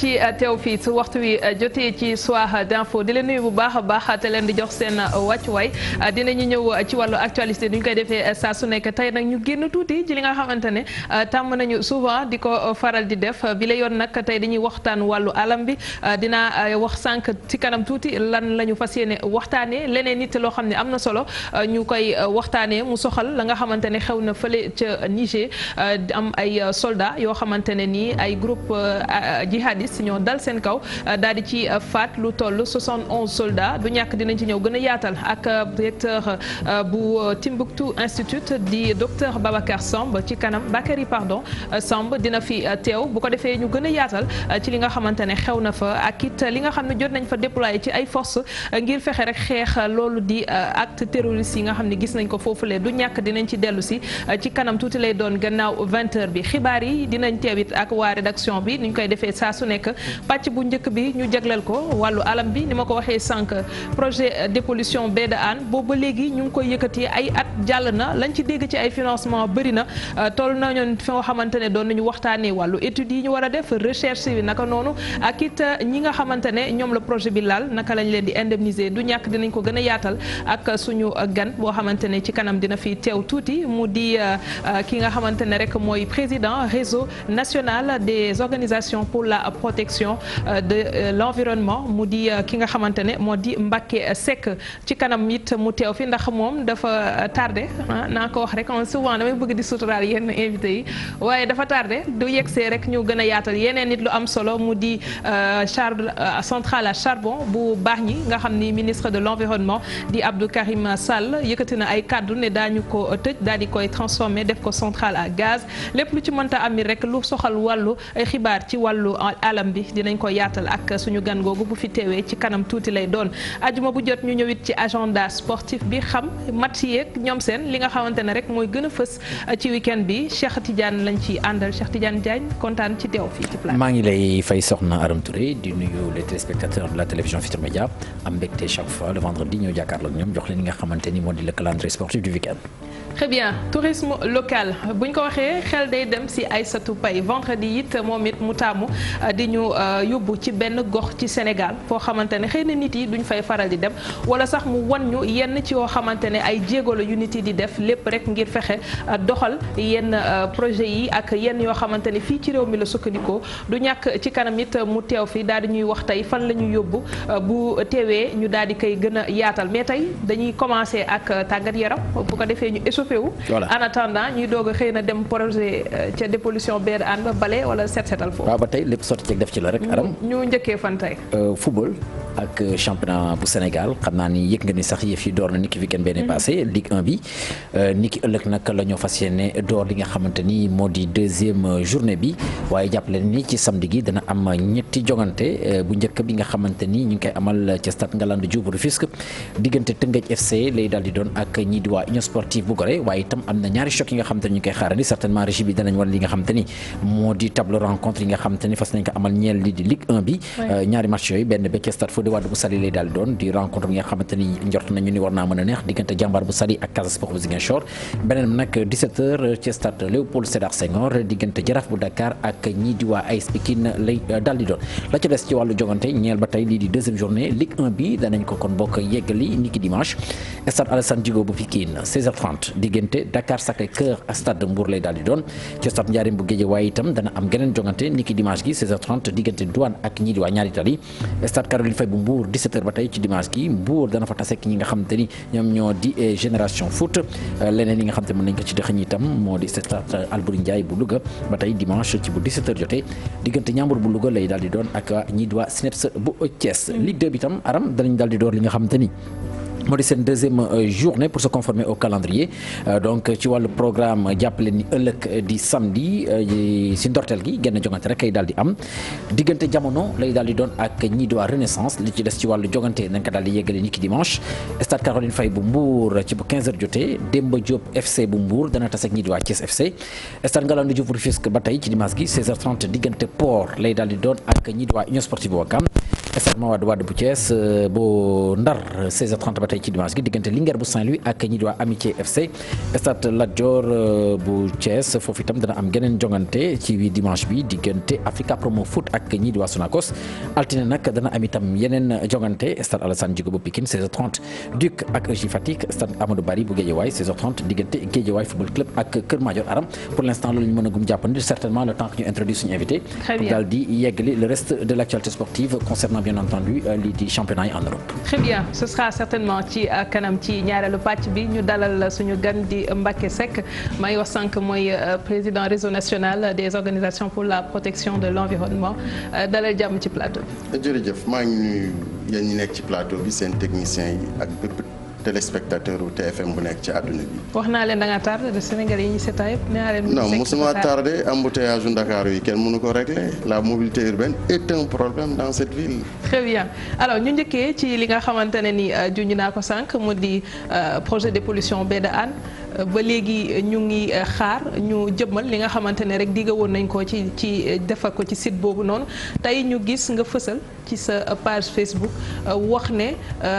ci euh, teew fii su waxtu wi euh, jotee ci soir d'info di leen nuyu bu baax a baax te leen di jox seen euh, wàccuwaay ñu ñëw ci wàllu actualité ni koy defee saa su nekk tey nag ñu génn tuuti ci li nga xamante ne tàmm nañu souvent di ko faral di def bi la yoon nag tey dañuy waxtaan wàllu alam bi dinaa wax sànq ci kanam tuuti lan la ñu fas yéene waxtaanee leneen nit loo xam ne am na solo ñu koy waxtaanee mu soxal la nga xamante ne xew na fële ca Niger am ay solda yoo xamante ne nii ay groupe jihadiste terroristes ñoo dal seen kaw euh, daal di ci euh, faat lu toll 71 soldats du ñàkk dinañ ci ñëw gën a yaatal ak euh, directeur bu Timbuktu Institute di docteur Babacar Samb ci kanam Bakary pardon Samb dina fi teew bu ko defee ñu gën a yaatal ci li nga xamante ne xew na fa ak it li nga xam ne jot nañ fa déployer ci ay forces ngir fexe rek xeex loolu di acte terroriste yi nga xam ne gis nañ ko foofu foofulee du ñàkk dinañ ci dellu si ci kanam tuuti lay doon gannaaw 20 bi nekk pàcc bu njëkk bi ñu jagleel ko wàllu alam bi ni ma ko waxee sànq projet dépollution baie de Hann boobu ba léegi ñu ngi koy yëkkati ay at jàll na lañ ci dégg ci ay financement bëri na euh, toll nañu fi nga xamante ne doon nañu waxtaanee wàllu études yi ñu war a def recherche yi naka noonu ak it euh, ñi nga xamante ne ñoom la projet bi laal naka lañ leen di indemniser du ñàkk dinañ ko gën a yaatal ak suñu gan boo xamante ne ci kanam dina fi teew tuuti mu di euh, ki nga xamante ne rek mooy président réseau protection euh, de euh, l'environnement mu di euh, ki nga xamante ne moo di Mbacké Seck ci kanam it mu teew fi ndax moom dafa tardé ah, naa ko wax rek souvent damay bëgg di suturaal yenn invité yi waaye dafa tardé du yegsee rek ñu gën yaatal yeneen nit lu am solo mu di char centrale à charbon bu baax ñi nga xam ni ministre de l'environnement di Abdou Karim Sall yëkkati na ay kàddu ne daañu ko tëj daal di koy transformé def ko centrale à gaz lépp lu ci mënta alam bi dinañ ko yaatal ak suñu gan googu bu fi teewee ci kanam tuuti lay doon ajuma bu jot ñu ñëwit ci agenda sportif bi xam match yeeg ñoom seen li nga xamante ne rek mooy gën a fës uh, ci weekend bi Cheikh Tidiane lañ ci àndal Cheikh Tidiane Diagne kontaan ci teew fii ci plateau. maa ngi lay fay soxna Aram Touré di nuyu les téléspectateurs de la télévision Futurs Médias am mbégte chaque fois le vendredi ñoom jox leen nga xamante ni moo di le calendrier sportif du weekend très bien tourisme local bu ñu ko waxee xel day dem si ay Aïssatou Paye vendredi it moom it mu taamu euh, di ñu euh, yóbbu ci benn gox ci Sénégal foo xamante ne xëy na nit yi duñ fay faral di dem wala sax mu wan ñu yenn ci yoo xamante ne ay jéego la yu nit yi di def lépp rek ngir fexe euh, doxal yenn projet yi ak yenn yoo xamante ne fii ci réew mi la sukkandikoo du ñàkk ci kanam it mu teew fi daal di ñuy wax tey fan la ñu yóbbu bu teewee ñu daal di koy gën a yaatal mais tey dañuy commencer ak tàggat yaram stoppé wu. voilà en attendant ñuy doog xëy na dem projet euh, ca dépollution beer ànd ba bale wala set setal foofu. waaw ba tey lépp sotti ceeg def ci la rek. aram ñu njëkkee fan tey. Euh, football ak euh, championnat bu Sénégal xam naa ni yëg nga ni sax yëf yi door na ni ki weekend beneen mhm. passé Ligue 1 bi ni ki ëllëg nag la ñoo fas yéene door li nga xamante ni moo di deuxième journée bi waaye jàpp leen ni ci samedi gi dana am ñetti jongante bu njëkk bi nga xamante ni ñu ngi koy amal ca stade Ngalandou Diouf Rufisque diggante Tëngéej FC lay daal di doon ak ñii di waa bu Gorée waaye itam am na ñaari choc yi nga xam te ñu koy xaarandi certainement régie bi danañ war li nga xam ni moo di table rencontre yi nga xam ni fas nañ ko amal ñeel li di Ligue 1 bi euh, ñaari match yooyu benn bécce stade Fodé Wade bu Saly lay daal doon di rencontre bi nga xamante ni njort nañu ni war naa mën a neex diggante jàmbaar bu Saly ak Casa bu Ziguinchor beneen nag 17h ci stade Léopold Sédar Senghor diggante Jaraaf bu diggante Dakar Sacré-Cœur ak stade de lay daal di doon ci stade Ndiarème bu Guédiawaye itam dana am geneen jongante niki dimanche gi 16h30 diggante Douane ak ñii di waa ñaari tali stade Caroline Faye bu nga xam te ni ñoom ñoo di eh, génération euh, leneen yi nga xam te mën nañ ko ci dëxëñ itam moo di stade Albouri Ndiaye bu Louga ba tey dimanche bu 17h jotee daal di doon ak euh, ñii di waa Cneps bu Thiès Ligue 2 bi itam aram danañ daal di door li nga xam te ni moo di seen deuxième euh, journée pour se conformer au calendrier euh, donc ci wàllu programme euh, jàppale ni ëllëg di samedi si ndorteel gi genn jogante rek kay daal di am diggante jamono lay daal di doon ak ñii di waa renaissance li ci des ci wàllu jogante nañ ko daal di yeggale ni ki dimanche stade Caroline Faye bu Mbour ci bu 15h jotee Demba Diop FC bu mbuur dana tase ak ñii di waa nga FC stade Ngalandou Diouf Rufisque ba tey ci dimanche gi 16 diggante Port lay daal di doon ak ñii di waa Union Sportive Ouakam stade Mawade Wade bu Thiès euh, bu Ndar 16h30 ba tey ci dimanche gi diggante Linguère bu Saint-Louis ak ñi di waa Amitié FC stade Lat Dior euh, bu Thiès foofu itam dana am geneen jongante ci dimanche bi diggante Africa Promo Foot ak ñi di altine nag dana am itam yeneen jongante stade Alassane Djigo bu Pikine 16 ak EJ Fatick stade Amadou Barry bu Guédiawaye 16h30 diggante Football Club ak Kër Madior Aram pour l'instant loolu ñu mën a gum jàppandi certainement le temps que ñu introduit suñu invité pour daal di yeggali concernant bien entendu euh, lii di championnat yi ce sera certainement ci euh, kanam ci ñaareelu pàcc bi ñu dalal suñu gan di Mbacké Seck may wax sànq mooy euh, président réseau national des organisations pour la protection de l'environnement dalal jàmm ci plateau bi. jërëjëf maa ngi nuyu yéen ñi nekk ci plateau bi seen techniciens yi ak bépp. téléspectateur u TFM bu nekk ci àdduna bi. wax naa leen da ngaa de Sénégal yi ñu seetaan yëpp nee naa leen. non mosuma tardé embouteillage u Dakar yi kenn mënu ko régler la mobilité urbaine est un problème dans cette ville. très bien alors ñu njëkkee ci li nga xamante ne ni euh, junj naa ko sànq mu di euh, projet de pollution baie de Hann. ba léegi ñu ngi euh, xaar ñu jëmal li nga xamante ne rek digga woon nañ ko ci ci euh, defar ko ci site boobu noonu tey ñu gis nga fësal ci sa euh, page Facebook wax ne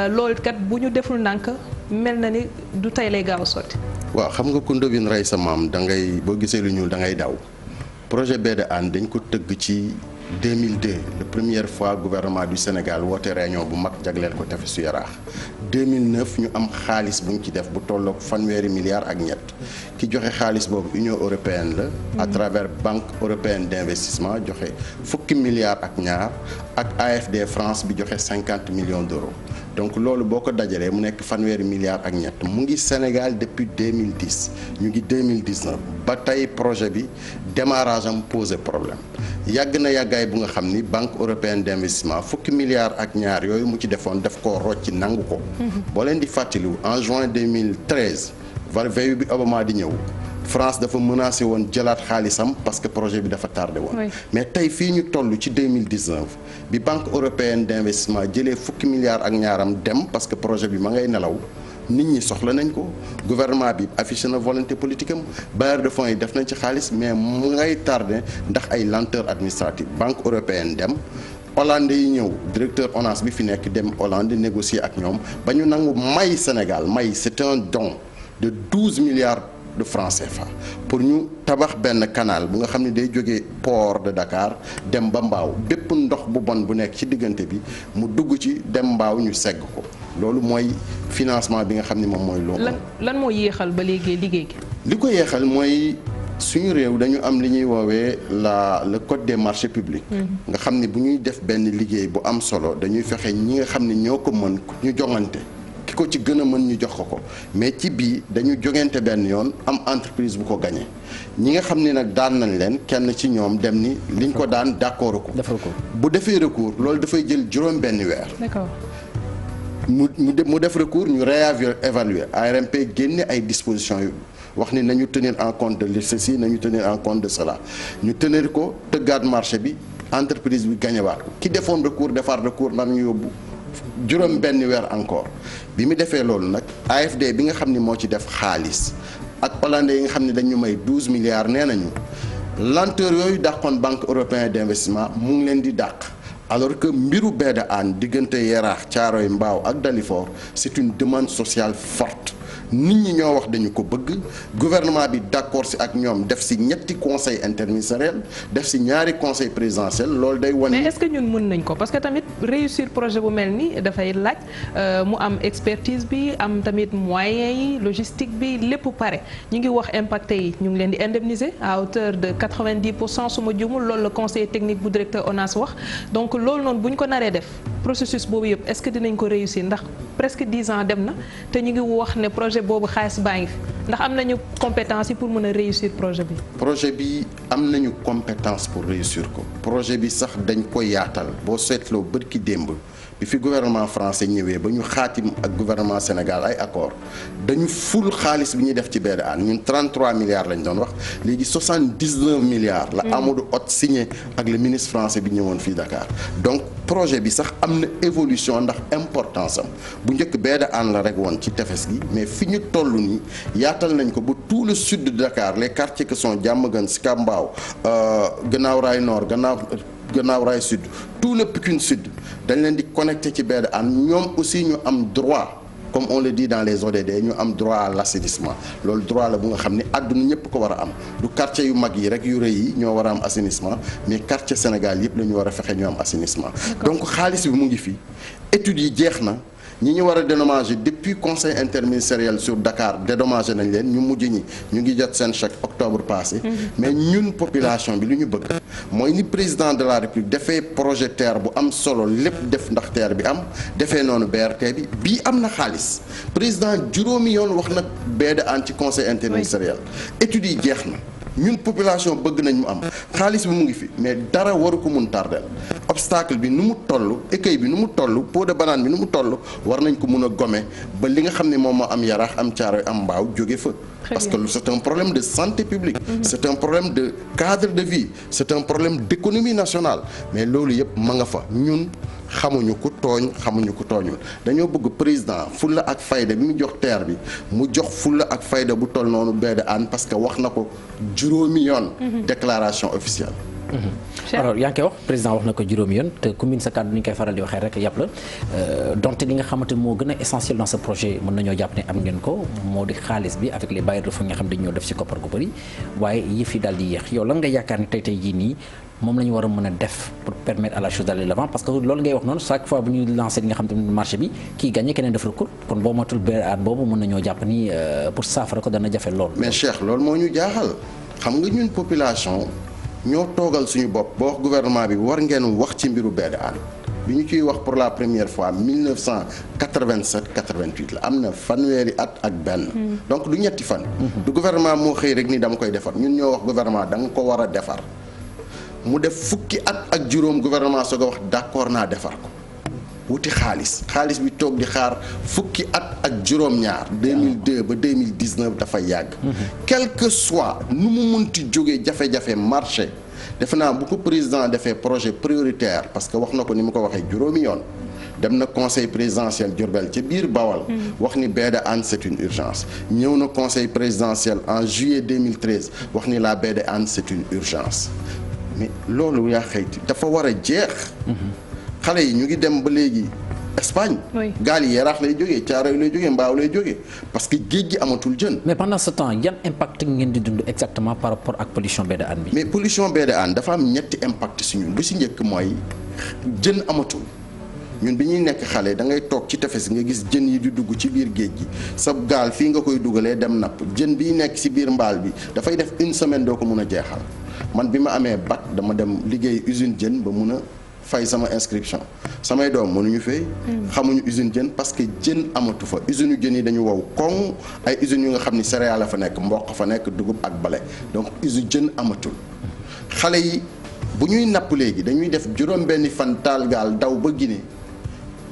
loolu kat bu ñu deful ndànk mel na ni du tey lay gaaw a sotti. waaw xam nga ko ndóbin rey sa maam da ngay boo gisee lu ñuul da ngay daw projet Baie de dañ ko tëgg ci. 2002 la première fois gouvernement du Sénégal woote réunion bu mag jagleel ko tefesu yaraax 2009 ñu am xaalis bu ñu ci def bu tolloog fanweeri milliards ak ñett ki joxe xaalis boobu Union européenne la. à mm-hmm. travers Banque européenne d'investissement joxe fukki milliards ak ñaar ak AFD France bi joxe 50 millions d'euros. donc loolu boo ko dajalee mu nekk fanweeri milliards ak ñett mu ngi Sénégal depuis 2010 ñu ngi 2019 ba tey projet bi démarrage am posé problème yàgg na yàggaay bu nga xam ni banque européenne d'investissement fukki milliards ak ñaar yooyu mu ci defoon daf koo rocci nangu ko. Mhm. boo leen di fàttaliwu en juin 2013 veille bi Obama di ñëw. France dafa menacé woon jëlaat xaalisam parce que projet bi dafa tardé woon. mais tey fii ñu toll ci 2019 bi banque européenne d'investissement jële fukki milliards ak ñaaram dem parce que projet bi ma ngay nelaw. nit ñi soxla nañ ko gouvernement bi affiché na volonté politique am bailleurs de fonds yi def nañ ci xaalis mais mu ngay tardé ndax ay lenteur administrative banque européenne dem Hollande yi ñëw directeur ONAS bi fi nekk dem Hollande négocier ak ñoom ba ñu nangu may Sénégal may c'est un don de douze milliards de francais fa pour ñu tabax benn canal bu nga xam ne day jóge port de Dakar dem ba Mbaaw bépp ndox bu bon bu nekk ci diggante bi mu dugg ci dem Mbaaw ñu segg ko loolu mooy financement bi nga xam ni moom mooy. loolu lan moo yéexal ba léegi liggéey gi. li ko yéexal mooy suñu réew dañu am li ñuy woowee la le code des marchés publics. Mhm. nga xam ni bu ñuy def benn liggéey bu am solo dañuy fexe ñi nga xam ni ñoo ko mën ñu joŋante. ko ci gën a mën ñu jox ko ko mais ci bii dañu jongante benn yoon am entreprise bu ko gagné ñi nga xam ne nag daan nañ leen kenn ci ñoom dem ni liñ ko daan d'accord ko bu defee recours loolu dafay jël juróom benn weer mu mu def recours ñu réévaluer ARMP génne ay dispositions yu wax ni nañu tenir en compte de ceci nañu tenir en compte de cela ñu tenir ko tëggaat marché bi entreprise bi gañewaat ko ki defoon recours defar recours nar ñu yóbbu juróom benn weer encore bi mu defee loolu nag AFD bi nga xam ni moo ci def xaalis ak olande yi nga xam ne dañu may douze milliards nee nañu lenteur yooyu dàqoon banque européenne d'investissement mu ngi leen di dàq alors que mbiru baie de Hann diggante Yaraax Caaroy Mbaaw ak Dalifort c'est une demande sociale forte nit ñi ñoo wax dañu ko bëgg gouvernement bi d'accord si ak ñoom def si ñetti conseil interministériel def si ñaari conseil présidentiel loolu day wane. mais que ñun mën nañ ko parce que tamit réussir projet bu mel ni dafay laaj euh, mu am expertise bi am tamit moyens yi logistique bi lépp pare ñu ngi wax impacté yi ñu ngi leen di indemniser à hauteur de 90 pour cent su ma jumul loolu la conseil technique bu directeur ONAS wax donc loolu noonu bu ñu ko naree def processus boobu yëpp est-ce que dinañ ko réussir ndax presque 10 boobu xaalis baa ngi fi ndax am nañu compétence yi pour mën a réussir projet bi. projet bi am nañu compétence pour réussir ko projet bi sax dañ ko yaatal boo seetloo bërki démb bi fi gouvernement français ñëwee ba ñu xaatim ak gouvernement Sénégal ay accord dañu ful xaalis bi ñuy def ci BDA ñun 33 milliards lañ doon wax léegi 79 milliards. la mm. Amadou ot signé ak le ministre français bi ñëwoon fii Dakar projet bi sax am na évolution ndax importance sam bu njëkk benn ànd la rek woon ci tefes gi mais fi ñu toll nii yaatal nañ ko ba tout le sud de Dakar les quartiers que sont Diamaguène Sicap Mbao euh, Gannaaw Rail Nord Gannaaw Gannaaw Sud tout le Pikine Sud dañ leen di connecté ci benn ànd ñoom aussi ñu am droit. comme on le dit dans les ODD ñu am droit à l'assainissement loolu droit la bu nga xam ni àdduna ñëpp ko war a am du quartier yu mag yi rek yu rëy yi ñoo war a am assainissement mais quartier Sénégal yëpp la ñu war a fexe ñu am assainissement donc xaalis bi mu ngi fi études yi jeex na ñi ñu war a dédommagé depuis conseil interministériel sur Dakar dédommagé nañ leen ñu mujj ñi ñu ngi jot seen chèque octobre passé. Mhm. mais ñun population bi lu ñu bëgg. mooy ni président de la république defee projet terre bu am solo lépp def ndax terre bi am defee noonu BRT bi bii am na xaalis président juróomi yoon wax na BDA ci conseil interministériel études yi jeex na. ñun population bëgg nañ mu am xaalis bi mu ngi fi mais dara waru ko mun tardel obstacle bi nu mu toll écueil bi nu mu toll pot de banane bi nu mu toll war nañ ko mun a gome ba li nga xam ne moom moo am yaraax am caaro am mbaaw jóge fa parce que c'est un problème de santé publique mm-hmm. c'est un problème de cadre de vie c'est un problème d'économie nationale mais loolu yëpp ma nga fa ñun xamuñu ku tooñ xamuñu ku tooñul dañoo bëgg président fulla ak fayda bi mu jox teer bi mu jox fulla ak fayda bu toll noonu baide an parce que wax na ko juróomi yoon mhm. déclaration officielle alors yaa ngi koy wax président wax na ko juróom yoon te commune sa kàddu ni ñu koy faral di waxee rek yàpp la euh, donte li nga xamante moo gën a essentiel dans ce projet mën nañoo jàpp ne am ngeen ko moo di xaalis bi avec les bailleurs de fonds nga xam dañ ñoo def nga yaakaar ne tey tey jii nii moom la ñu war a mën a def pour permettre à la chose d'aller l'avant parce que loolu ngay wax noonu chaque fois bu ñuy lancé li nga xam te marché bi kii gagné keneen def recours kon boo matul benn at boobu mën nañoo jàpp ni euh, pour saafara ko dana jafe lool mais Cheikh moo ñu jaaxal xam nga ñun population ñoo toogal suñu bopp ba wax gouvernement bi war ngeen wax ci mbiru BDA bi ñu ciy wax pour la première fois cent 1987 88 la am na fanweeri at ak benn. Mm. donc du ñetti fan. Mm-hmm. du gouvernement moo xëy rek ni dama koy defar ñun ñoo wax gouvernement da nga ko war a defar mu def fukki at ak juróom gouvernement soog a wax d'accord naa defar ko. wuti xaalis xaalis bi toog di xaar fukki at ak juróom-ñaar 2002 ba 2019 dafa yàgg mhm. quel que soit nu mu ti jógee jafe-jafe marché defe naa bu ko président defee projet prioritaire parce que wax na ko ni mu ko waxee juróomi yoon dem na conseil présidentiel Diourbel ci biir Bawal. Mhm. wax ni baie de Hann une urgence. ñëw na conseil présidentiel en juillet 2013 wax ni la baie de Hann une urgence loolu yaa xëyti dafa war a jeex. Mhm. xale yi ñu ngi dem ba léegi Espagne. oui gaal yi yaraax lay jógee caaroy lay jógee mbaaw lay jógee parce que géej gi amatul jën. mais pendant temps yan impact ngeen di dund exactement par rapport ak pollution baie de Hann bi. mais pollution baie de dafa am ñetti impact si ñun bu si njëkk mooy jën amatul. ñun bi ñuy nekk xale da ngay toog ci tefes nga gis jën yi di dugg ci biir géej gi sa gaal fii nga koy dugalee dem napp jën biy nekk ci biir mbaal bi dafay def une semaine doo ko mun a jeexal man bi ma amee bac dama dem liggéey usine jën ba mun a fay sama inscription samay doom mënuñu fay. Mm. xamuñu usine jën parce que jën amatu fa usine jën yi dañu wow koŋ ay usines yu nga xam ni céréales la fa nekk mboq fa nekk dugub ak bale donc usine jën amatul xale yi bu ñuy napp léegi dañuy def juróom-benni fan taal gaal daw ba Guinée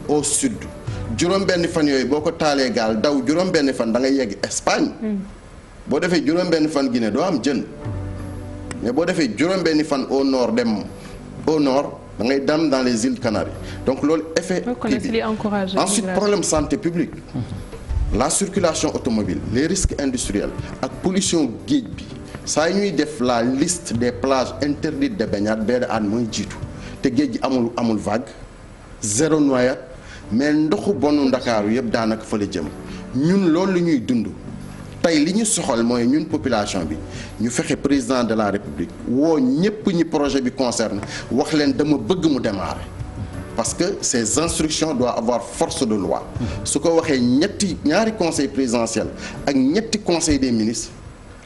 au sud juróom-benni fan yooyu boo ko taalee gaal daw juróom-benni fan da ngay yegg Espagne. Mm. boo defee juróom-benni fan gine doo am jën mais boo defee juróom-benni fan au nord dem o nord. da ngay daan dans les îles Canaries donc loolu effet kii ensuite problème santé publique la circulation automobile les risques industriels ak polition géej bi saa ñuy def la liste des plages interdites de baignade baie de Hann mooy jiitu te géej gi amul amul vague zéro mais ndoxu bonu Ndakaaru yëpp daanaka fa la jëm ñun loolu la ñuy dund tey li ñu soxal mooy ñun population bi ñu fexe président de la république woo ñëpp ñi projet bi concerne wax leen dama bëgg mu démarrer parce que ces instructions doivent avoir force de loi su ko waxee ñetti ñaari conseil présidentiel ak ñetti conseil des ministre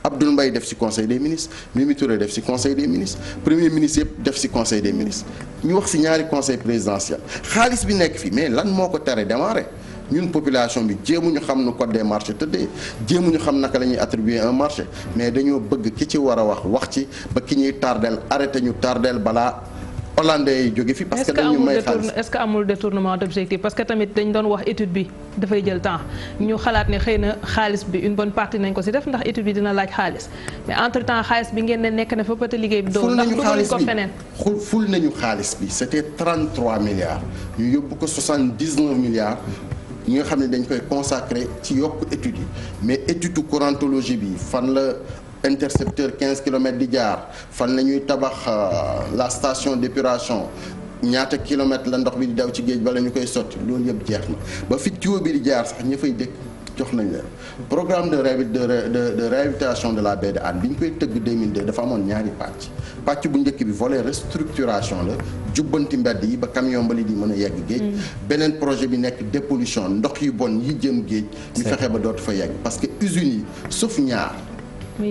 Abdoul Mbaye def ci conseil des ministre Mimi Touré def ci conseil des ministre premier ministre yëpp def ci conseil des ministres ñu wax ci ñaari conseil présidentiel xaalis bi nekk fii mais lan moo ko tere démarrer ñun population bi jéemuñu xam nu code des marchés tëddee jéemuñu xam naka la ñuy attribuer un marché mais dañoo bëgg ki ci war a wax wax ci ba ki ñuy tardeel arrêté ñu tardeel balaa hollandais yi jóge fi parce que dañu may xaalis est-ce que amul détournement d'objectif que tamit dañ doon wax étude bi dafay jël temps ñu xalaat ne xëy na xaalis bi une bonne partie nañ ko si def ndax étude bi dina laaj xaalis mais entre temps xaalis bi ngeen ne nekk na fa peut-être liggéey bi doo ndax dugaluñ ko feneen xul ful nañu xaalis bi c'était 33 milliards ñu yóbbu ko 79 milliards yi nga xam ne dañ koy consacré ci yokk études yi mais étude courantologie bi fan la intercepteur 15 kilomètres di jaar fan la ñuy tabax euh, la station d'épuration ñaata kilomètres la ndox bi di daw ci géej ba la ñu koy sotti loolu yëpp jeex na ba fit tuyau bi di jaar sax ña fay dëkk jox nañ leen programme de de de réhabilitation de la baie de bi ñu koy tëgg 2002 dafa amoon ñaari pàcc pàcc bu njëkk bi volet restructuration la jubbanti mbedd yi ba camion mbali yi mën a yegg géej mm. beneen projet bi nekk dépollution ndox yi bon yi jëm géej ñu fexe ba dootu fa yegg parce que usines yi sauf ñaar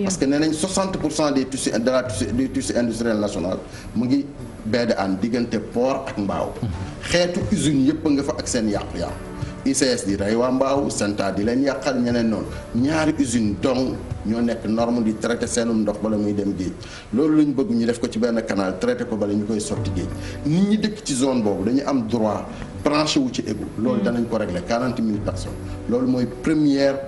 parce que nee nañ 60 pour cent des tissus de la tissu des national mu ngi baie de diggante port ak mbaaw mm-hmm. xeetu usines yëpp nga fa ak seen yàqu-yàqu ICS di rey waa Mbaaw Senta di leen yàqal ñeneen noonu ñaari usine dong ñoo nekk norme di traité seenum ndox bala muy dem géej loolu la bëgg ñu def ko ci benn canal traité ko bala ñu koy sotti géej nit ñi dëkk ci zone boobu dañu am droit branché wu ci égout loolu mm. danañ ko réglé quarante mille personnes loolu mooy première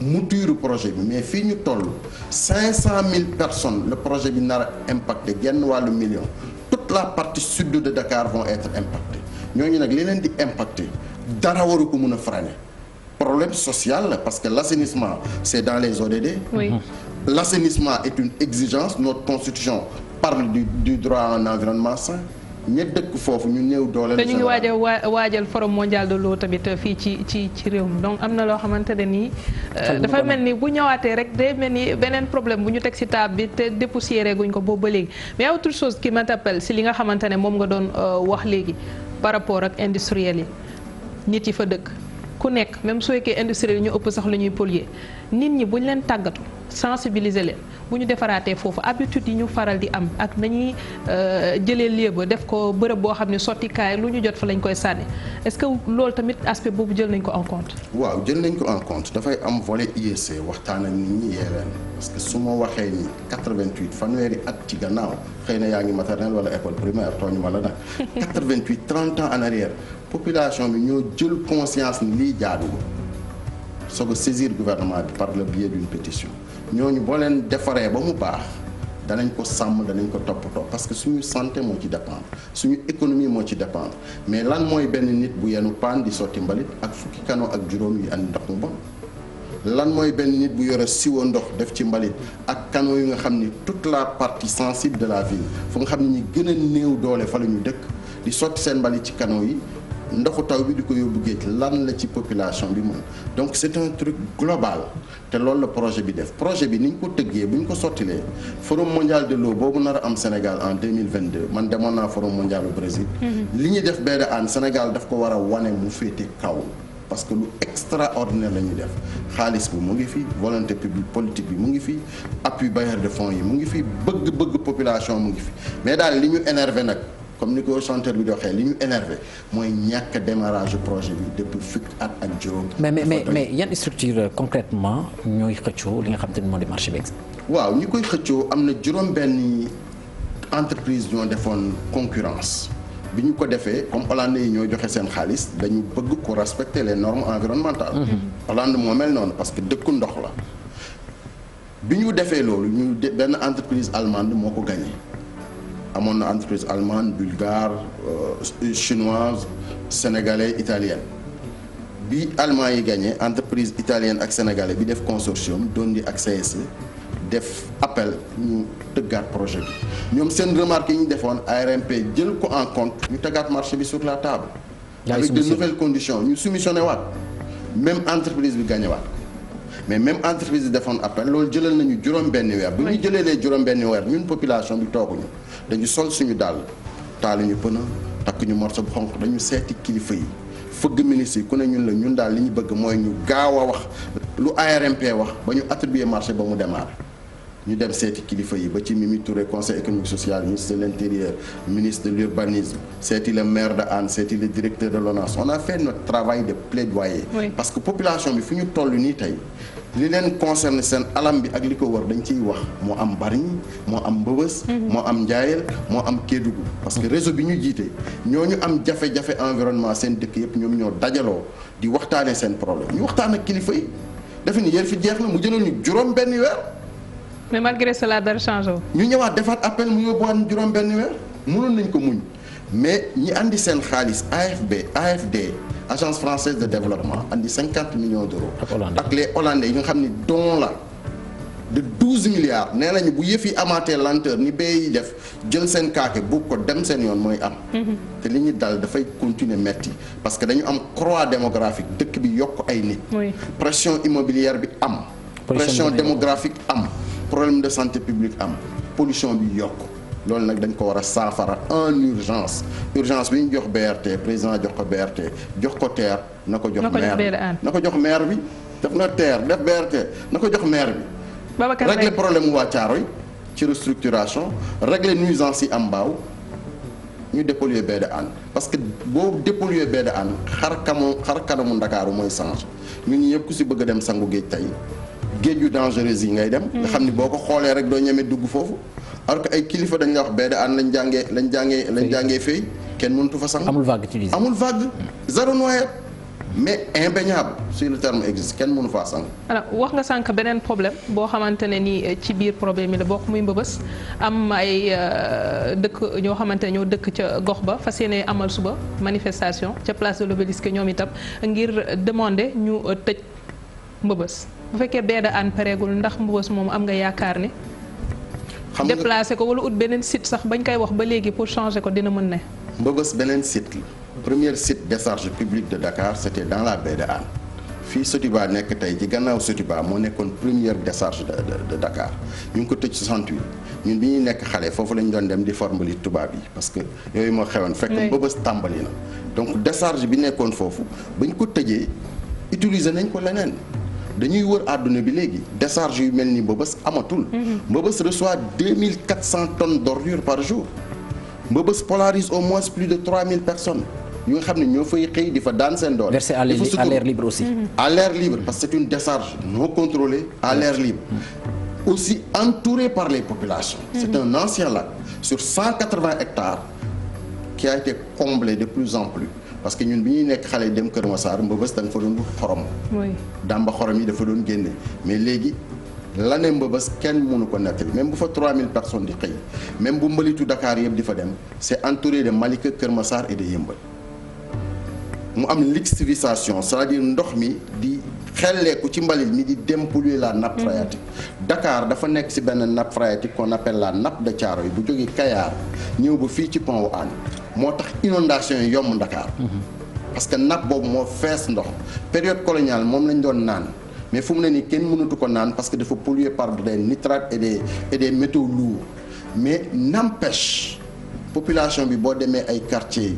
mouture projet bi mais fii ñu toll cinq cent mille personnes le projet bi nar a genn wàllu million tout la partie sud de Dakar vont être impactées ñooñu nag li leen di impacté dara waru ko mun a freiner problème social la parce que l'assainissement c'est dans les ODD. oui mm-hmm. l'assainissement est une exigence notre constitution parle du du droit à un environnement sain. dëkk foofu ñu néew doole. te ñu ngi waajal waajal forum mondial de tamit euh, fii ci ci ci réew mi donc am na loo xamante ne nii. Euh, dafa mel ni bu ñëwaatee rek day mel ni beneen problème bu ñu teg ci table bi te dépoussiéré guñ ko boobu ba léegi. mais autre chose ma m'interpelle si li nga xamante ne moom nga doon euh, wax léegi par rapport ak industriel yi. nit yi fa dëkk ku nekk même su fekkee industrie yi ñu ëpp sax la ñuy polluer nit ñi bu ñu leen tàggatu sensibiliser leen bu ñu defaraatee foofu habitude yi ñu faral di am ak na nañuy euh, jëlee lieu def ko bërëb boo xam ne sottikaay lu ñu jot fa lañ koy sànni est-ce que loolu tamit aspect boobu jël nañ ko en compte. waaw jël nañ ko en compte dafay am volet IEC waxtaan ak nit ñi yee parce que su ma waxee ni 88 fanweeri at ci gannaaw xëy na yaa ngi maternelle wala école primaire tooñ ma la nag. 88 30 ans population bi ñoo jël conscience ni lii jaaduwul soo ko saisir gouvernement bi par le biais d'une pétition ñooñu boo leen defaree ba mu baax danañ ko sàmm danañ ko toppatoo parce que suñu santé moo ci dépendre suñu économie moo ci dépendre mais lan mooy benn nit bu yenu paan di sotti mbalit ak fukki kano ak juróom yu andi ndox mu bon lan mooy benn nit bu yore siwo ndox def ci mbalit ak kano yi nga xam ni toute la partie sensible de la ville fu nga xam ne ñi gën a doole fa la ñu dëkk di sotti seen mbalit ci kano yi ndoxu taw bi di ko yóbbu géej lan la ci population bi mën donc c'est un truc global te loolu la projet bi def projet bi ni ñu ko tëggee bu ñu ko sottilee forum mondial de boobu nar am Sénégal en 2022 man demoon naa forum mondial au Brésil mm-hmm. li ñuy def benn aan Sénégal daf ko war a wane mu féete kaw parce que lu extraordinaire la ñuy def xaalis bi mu ngi fi volonté publique politique bi mu ngi fi appui bailleur de fonds yi mu ngi fi bëgg-bëgg population mu ngi fi mais daal li ñu énervé nag comme ni ko chanteur bi doxee li ñu énervé mooy ñàkk a démarrage projet bi depuis fukk at ak juróom. mais mais mais yan structure euh, concrètement ñooy xëccoo li nga xam te ne moo di marché bi. waaw ñu koy xëccoo am na juróom benn entreprise ñoo defoon concurrence. bi ñu ko defee comme Hollande yi ñoo joxe seen xaalis dañu bëgg ko respecter le normes environnementales. Mhm. Hollande moo mel noonu parce que dëkku ndox la. bi ñu defee loolu ñu benn entreprise allemande moo ko gagné. amoon na entreprise allemande bulgare euh, chinoise sénégalais italien bi allemand yi gagné entreprise italienne ak sénégalais bi def consortium doon di ak CSE def appel ñu tëggaat projet bi ñoom seen remarque yi ñu defoon ARMP jël ko en compte ñu tëggaat marché bi sur la table avec de nouvelles waat même entreprise bi gagné mais même entreprise yi defoon appel loolu jëlal nañu juróom-benn weer bu ñu jëleelee juróom-benn weer ñun population bi tooguñu dañu sol suñu dàll taaluñu takk ñu morso bu xonq dañu seeti kilifa yi fëgg ministre yi ku ne ñun la ñun daal li ñu bëgg mooy ñu gaaw a wax lu ARMP wax ba ñu attribuer marché ba mu démarrer ñu dem seeti kilifa yi ba ci Mimi Touré conseil économique social ministre de l'intérieur ministre de l'urbanisme seeti le maire de Anne seeti le directeur de l'ONAS on a fait na travail de plaidoyer oui. parce que population bi fu ñu toll nii tey li leen concerne seen alam bi ak li ko war dañ ciy wax moo am Bargny moo am Mbëbës mhm. moo am Njaayel moo am Kédougou parce que réseau bi ñu jiite ñu am jafe-jafe environnement seen dëkk yëpp ñoom ñoo dajaloo di waxtaanee seen problème ñu waxtaan ak kilifa yi defe ni yéen fi jeex na mu jëlal ñu juróom benn weer mais malgré cela dara changé ñu ñëwaat defaat appel mu yóbbuwaat ñu juróom benn weer mënoon nañ ko muñ mais ñi indi seen xaalis AFB AFD agence française de développement andi cinquante millions d'euros ak les hollandais ñu nga xam ni don la de douze milliards nee nañu bu yëf yi amaatee lenteur ni bay def jël seen kaake bu ko dem seen yoon mooy am. Mhm. te li ñu dal dafay continuer metti parce que dañu am croix démographique dëkk bi yokk ay nit. pression immobilière bi am. pression démographique am. problème de santé publique am pollution bi yokk loolu nag dañ ko war a saafara en urgence urgence bi ñu jox BRT président jox ko BRT jox ko TER na ko jox maire na ko jox maire bi def na TER def BRT na ko jox maire bi régler problème mu waa Caaroy ci restructuration régler nuisance yi am mbaaw ñu dépolluer baie de parce que boo dépolluer baie de xar kanamu Ndakaaru mooy change ñu ñëpp ku si bëgg a dem sangu géej tey géej yu dangereuses yi ngay dem. nga xam ni boo ko xoolee rek doo ñeme dugg foofu. alors que ay kilifa dañ la wax benn an lañ jàngee lañ jàngee lañ jàngee fay kenn mëntu fa sang. amul vague utilisée amul vague. zéro noyade mais impeignable sur le terme existe kenn mënu faa sang. alors wax nga sànq beneen problème boo xamante ne ni eh, ci biir problème yi la bokk muy mbëbës am ay euh, dëkk ñoo xamante ne ñoo dëkk ca gox ba fas yéene amal suba manifestation ca place de l'obélisque ñoom itam ngir demander ñu eh, tëj bu fekkee baie de Hann pareegul ndax Mboos moom am nga yaakaar ni xam nga déplacé ko wala ut beneen site sax bañ koy wax ba léegi pour changer ko dina mën ne. Mbëbës beneen sit première premier site décharge publique de Dakar c' était dans la baie de fii Sotiba nekk tey ci gannaaw Sotiba moo nekkoon première décharge de de Dakar ñu ngi ko tëj 68 ñun bi ñuy nekk xale foofu lañu doon dem di formali tubaab yi parce que yooyu moo xewoon. fekk Mbëbës tàmbali na. donc décharge bi nekkoon foofu bañ ko tëjee utiliser nañ ko leneen. dañuy wër àdduna bi léegi décharge yu mel ni mbëbës amatul. Mhm. mbëbës reçoit 2400 tonnes d'ordures par jour. mbëbës polarise au moins plus de 3000 personnes yu nga xam ne ñoo fay xëy di fa daan seen doole. versé à l'air libre aussi. Mhm. à l'air libre parce que c'est une décharge non contrôlée à l'air libre. Mhm. aussi entouré par les populations. c'est un ancien lac sur 180 hectares qui a été comblé de plus en plus. parce que ñun bi ñuy nekk xale dem Kër Massar mbëbës da nga fa doon wut xorom. dàmba xorom yi dafa doon génne mais léegi. lane mbëbës kenn mënu ko nettali même bu fa mille personnes di xëy même bu mbalitu dakaar yëpp di fa dem c' est entouré de Malika Kër Massar et de Yëmbal mu am lixiviation c' est à ndox mi di xelleeku ci mbalit mi di dem polluer la nappe mm-hmm. phréatique. Dakar dafa nekk ci benn nappe phréatique qu' on appelle la nappe de Thiaroye bu jógee Kayar ñëw ba fii ci pont moo tax inondation yi yomb Ndakaar parce que nag boobu moo fees ndox période coloniale moom lañ doon naan mais fu mu ne nii kenn mënatu ko naan parce que dafa pollué par des nitrates et des et des métaux lourds mais n'empêche population bi boo demee ay quartiers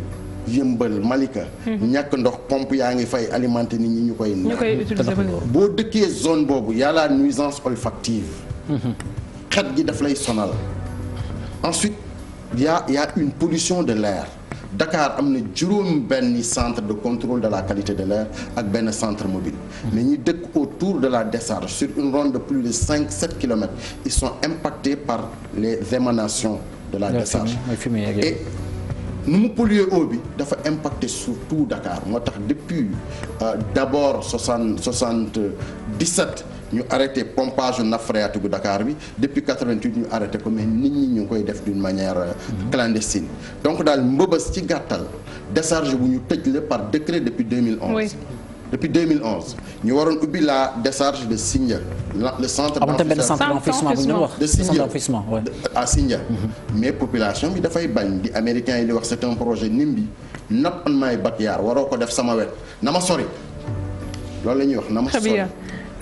yëmbal Malika. Mhm. ñàkk ndox pompe yaa ngi fay alimenter nit ñi ñu koy. ñu koy boo dëkkee zone boobu y a la nuisance olfactive. Mhm. xet gi daf lay sonal y a une pollution de l'air dakaar am na juróom benn centre de contrôle de la qualité de l'air ak benn centre mobile mais ñu dëkk autour de la décharge sur une ronde de plus de cinq 7 kilomètres ils sont impactés par les émanations de la décharge et nu mu polluer eau bi dafa impacter surtout Dakar moo tax depuis euh, d'abord soixante soixante-dix-sept ñu arrêté pompage nappe phréatique bu Dakar bi depuis 88 ñu arrêté ko mais nit ñi ñu ngi koy def d'une manière euh, mhm. clandestine donc daal mbëbës ci gàttal décharge bu ñu tëj la par décret depuis 2011. Oui. depuis 2011 ñu waroon ubbi la décharge de Sindia le centre ah, d'enfouissement de Sindia à Sindia mhm. mais population bi dafay bañ di américains yi di wax c'est un projet NIMBY not on my backyard waroo ko def sama wet na ma sori loolu la ñuy wax na ma sori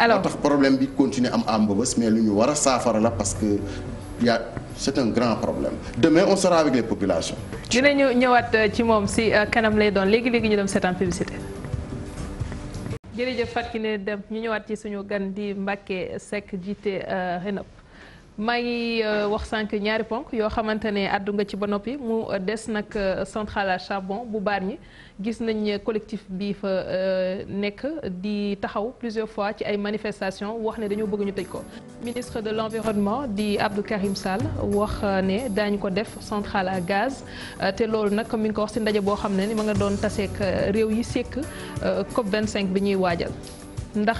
alors moo tax problème bi continuer am à Mbeubeuss mais lu ñu war a saafara la parce que yaa c'est un grand problème demain on sera avec les populations. dinañu ñëwaat euh, ci moom si euh, kanam lay doon léegi léegi ñu dem seetaan publicité. jërëjëf Fatou Kiné dem ñu ñëwaat ci suñu gan di Mbacké Seck jiite euh, RENOP. maa ngi euh, wax sànq ñaari ponk yoo xamante ne àddu ci ba noppi mu des nag euh, centrale chabon bu baar ñi gis nañ collectif bi fa euh, nekk di taxaw plusieurs fois ci ay manifestation wax ne dañoo bëgg ñu tëj ko. ministre de l'environnement di Abdou Karim Sall wax ne daañu ko def centrale à gaz te loolu nag mi ngi ko wax si ndaje boo xam ne ni mu nga doon taseek réew yi sekk COP 25 bi ñuy waajal ndax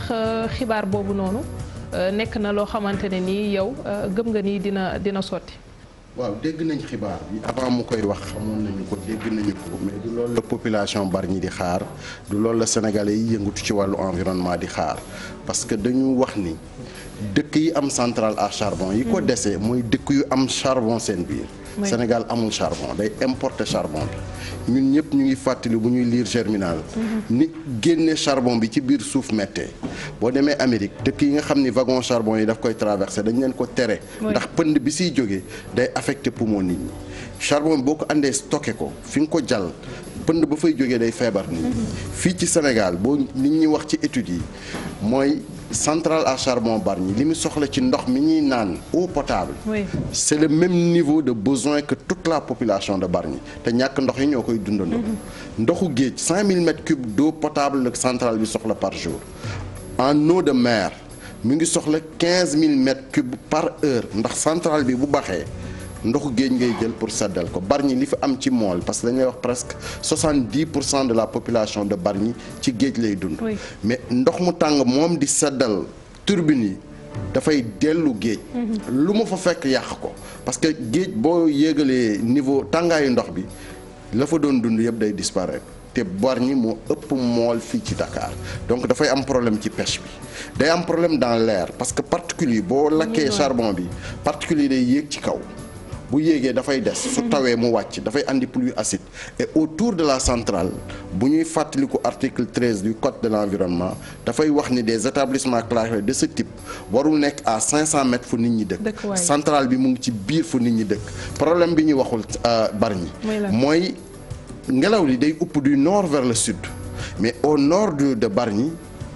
xibaar boobu noonu. Euh, nekk na loo xamante ne nii yow euh, gëm nga nii dina dina sotti. waaw dégg nañ xibaar avant mu koy wax xamoon nañu ko dégg nañu ko du loolu la population ñi di xaar du loolu la sénégalais yi yëngatu ci wàllu environnement di xaar parce que dañu wax ni dëkk yi am centrale à charbon. yi ko mm. desee mooy dëkk yu am charbon seen biir. Sénégal amul charbon day importer charbon bi ñun ñëpp ñu ngi fàttali bu ñuy liir germinal mhm. ni génne charbon bi ci biir suuf méttee boo demee Amérique dëkk yi nga xam ni wagon charbon yi daf koy traversé dañu leen ko tere ndax pënd bi siy jógee day affecté poumon nit ñi charbon bi boo ko àndee stocké ko fi nga ko jàll pënd ba fay jógee day feebar nit ñi mhm. fii ci Sénégal boo nit ñi wax ci études yi mooy centrale à charbon Bargny li mu soxla ci ndox mi ñuy naan eau potable. oui c'est le même niveau de besoin que toute la population de Bargny te ñàkk ndox yi ñoo koy dundandoo. Mm-hmm. ndoxu géej 5000 mètres cubes d'eau potable la centrale bi soxla par jour en eau de mer mu ngi soxla 15000 mètres par heure ndax centrale bi bu baxee. ndoxu géej ngay jël pour seddal ko Bargny li fi am ci mool parce que dañuy wax presque 70 pour cent de la population de Bargny ci géej lay dund. mais ndox mu tàng moom di seddal turbine yi. dafay dellu géej. Mhm. lu mu fa fekk yàq ko parce que géej boo yégalee niveau tàngaayu ndox bi la fa doon dund yëpp day disparaître te Bargny moo ëpp mool fii ci Dakar donc dafay am problème ci pêche bi day am problème dans leer parce que particules yi boo lakkee charbon bi particules day yéeg ci kaw. bu yéegee dafay des su tawee mu wàcc dafay andi pluie acide et autour de la centrale bu ñuy fàttaliku article 13 du code de l'environnement dafay wax ni des établissements classés de ce warul nekk à 500 mètres fu nit ñi dëkk centrale bi mu ngi ci biir fu nit ñi dëkk problème bi ñuy waxul bar euh, Bargny mooy ngelaw li day upp du nord vers le sud mais au nord de Bargny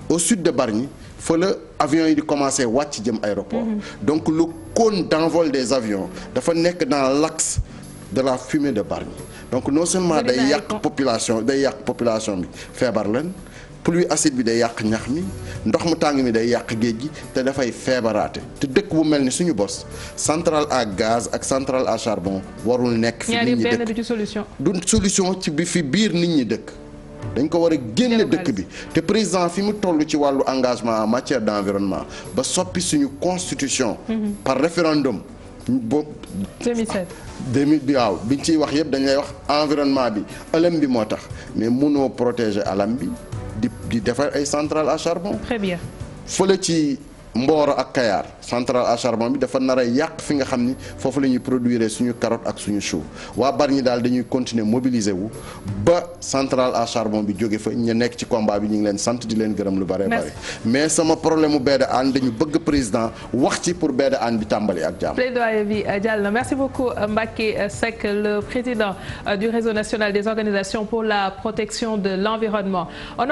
au sud de Bargny fa avion yi di commencé wàcc jëm aéroport. Mhm. donc lu cône d'envol des avions dafa nekk dans l'axe de la fumée de Bargny donc non seulement day yàq population day yàq population bi feebar leen pluie acide bi day yàq ñax mi ndox mu tàng mi day yàq géej gi te dafay feebaraate te dëkk bu mel ni suñu bos centrale à gaz ak centrale à charbon warul nekk. fi nit ñi dëkk du solution. du solution ci bi fi biir nit ñi dëkk. dañ ko war a génne dëkk bi te président fi mu toll ci wàllu engagement en matière d' environnement ba soppi suñu constitution mhm. par référendum boobu 2007 2000 bi waaw biñ ciy wax yëpp dañ lay wax environnement bi alam bi moo tax mais munoo protéger alam bi di di defar ay centrale à charbon très bien ci Mboro ak Kayar centrale à charbon bi dafa nar a yàq fi nga xam ni foofu la ñuy produire suñu karoot ak suñu chou waa bari Bargny daal dañuy continuer mobiliser wu ba centrale à charbon bi jóge fa ñu nekk ci combat bi ñu ngi leen sant di leen gërëm lu bare bare mais sama problème mu baie de Hann dañu bëgg président wax ci pour baie de bi tàmbali ak jàmm. plaidoyer bi euh, jàll na merci beaucoup euh, Mbacké euh, Seck le président du réseau national des organisations pour la protection de l'environnement on